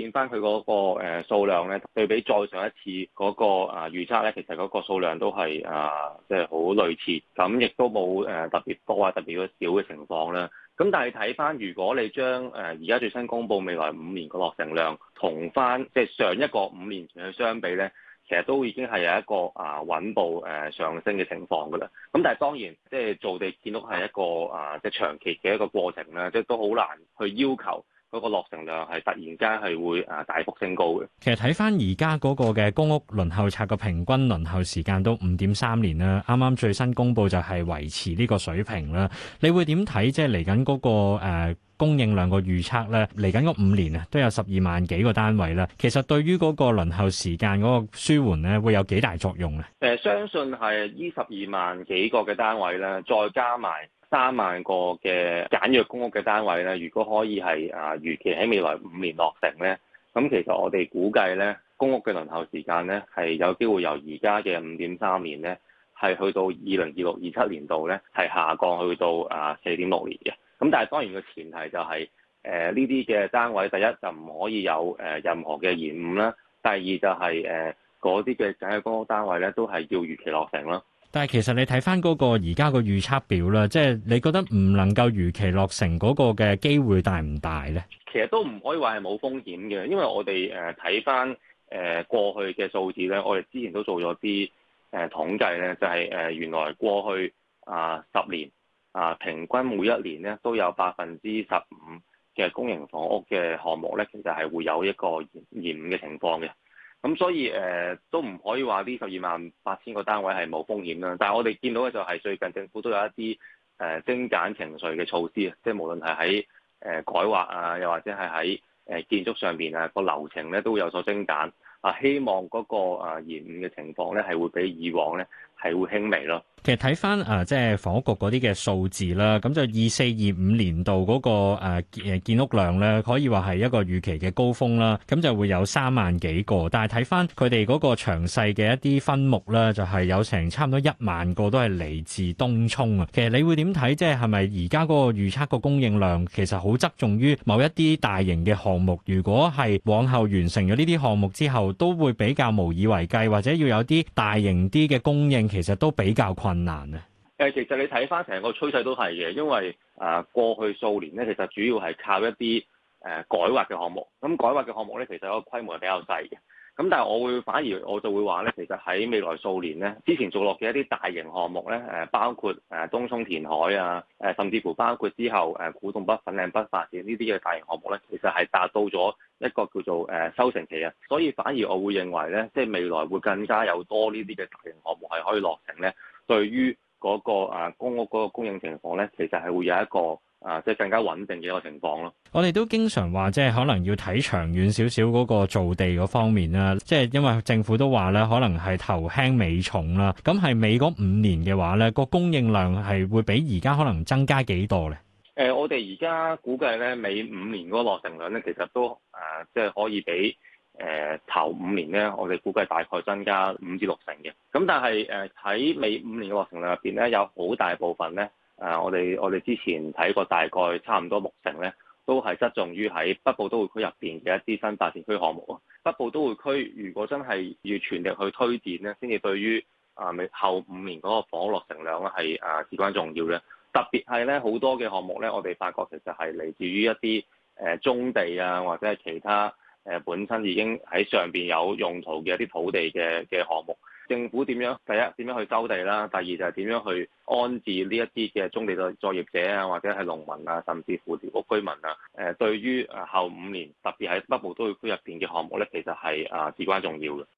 見翻佢嗰個誒數量咧，對比再上一次嗰個啊預測咧，其實嗰個數量都係啊即係好類似，咁亦都冇誒特別多啊，特別少嘅情況啦。咁但係睇翻，如果你將誒而家最新公佈未來五年個落成量同翻即係上一個五年前去相比咧，其實都已經係有一個啊穩步誒上升嘅情況噶啦。咁但係當然，即係造地建屋係一個啊即係長期嘅一個過程啦，即係都好難去要求。嗰個落成量係突然間係會誒大幅升高嘅。其實睇返而家嗰個嘅公屋輪候冊嘅平均輪候時間都五點三年啦。啱啱最新公佈就係維持呢個水平啦。你會點睇？即係嚟緊嗰個、呃、供應量個預測咧？嚟緊嗰五年啊都有十二萬幾個單位啦。其實對於嗰個輪候時間嗰個舒緩咧，會有幾大作用咧？誒，相信係呢十二萬幾個嘅單位咧，再加埋。三萬個嘅簡約公屋嘅單位咧，如果可以係啊預期喺未來五年落成咧，咁其實我哋估計咧，公屋嘅輪候時間咧係有機會由而家嘅五點三年咧，係去到二零二六二七年度咧，係下降去到啊四點六年嘅。咁但係當然個前提就係誒呢啲嘅單位，第一就唔可以有誒、呃、任何嘅延誤啦，第二就係誒嗰啲嘅簡約公屋單位咧都係要如期落成啦。但係其實你睇翻嗰個而家個預測表咧，即係你覺得唔能夠如期落成嗰個嘅機會大唔大呢？其實都唔可以話係冇風險嘅，因為我哋誒睇翻誒過去嘅數字咧，我哋之前都做咗啲誒統計咧，就係誒原來過去啊十年啊平均每一年咧都有百分之十五嘅公營房屋嘅項目咧，其實係會有一個延誤嘅情況嘅。咁、嗯、所以誒、呃、都唔可以話呢十二萬八千個單位係冇風險啦，但係我哋見到嘅就係最近政府都有一啲誒、呃、精簡程序嘅措施，即係無論係喺誒改劃啊，又或者係喺誒建築上邊啊，個流程咧都會有所精簡啊，希望嗰、那個、呃、延誤嘅情況咧係會比以往咧，係會輕微咯。其實睇翻啊，即係房屋局嗰啲嘅數字啦，咁就二四二五年度嗰個建屋量咧，可以話係一個預期嘅高峰啦。咁就會有三萬幾個，但係睇翻佢哋嗰個詳細嘅一啲分目咧，就係、是、有成差唔多一萬個都係嚟自東湧啊。其實你會點睇？即係係咪而家嗰個預測個供應量其實好側重於某一啲大型嘅項目？如果係往後完成咗呢啲項目之後，都會比較無以為繼，或者要有啲大型啲嘅供應。其實都比較困難咧。誒，其實你睇返成個趨勢都係嘅，因為誒、呃、過去數年咧，其實主要係靠一啲誒、呃、改劃嘅項目。咁、嗯、改劃嘅項目咧，其實個規模係比較細嘅。咁但係我會反而我就會話咧，其實喺未來數年咧，之前做落嘅一啲大型項目咧，誒包括誒東涌填海啊，誒甚至乎包括之後誒古洞北、粉嶺北發展呢啲嘅大型項目咧，其實係達到咗一個叫做誒收成期啊，所以反而我會認為咧，即係未來會更加有多呢啲嘅大型項目係可以落成咧，對於嗰個公屋嗰個供應情況咧，其實係會有一個。啊，即係更加穩定嘅一個情況咯。我哋都經常話，即係可能要睇長遠少少嗰個造地嗰方面啦。即係因為政府都話咧，可能係頭輕尾重啦。咁係尾嗰五年嘅話咧，個供應量係會比而家可能增加幾多咧？誒、呃，我哋而家估計咧，尾五年嗰落成量咧，其實都誒，即、呃、係、就是、可以比誒、呃、頭五年咧，我哋估計大概增加五至六成嘅。咁但係誒喺尾五年嘅落成量入邊咧，有好大部分咧。誒、啊，我哋我哋之前睇過大概差唔多六成咧，都係側重於喺北部都會區入邊嘅一啲新發展區項目啊。北部都會區如果真係要全力去推展咧，先至對於啊後五年嗰個房落成量咧係啊至關重要嘅。特別係咧好多嘅項目咧，我哋發覺其實係嚟自於一啲誒、呃、中地啊，或者係其他。誒本身已經喺上邊有用途嘅一啲土地嘅嘅項目，政府點樣第一點樣去收地啦？第二就係、是、點樣去安置呢一啲嘅棕地嘅作業者啊，或者係農民啊，甚至乎寮屋居民啊？誒對於誒後五年，特別喺北部都會區入邊嘅項目咧，其實係啊至關重要嘅。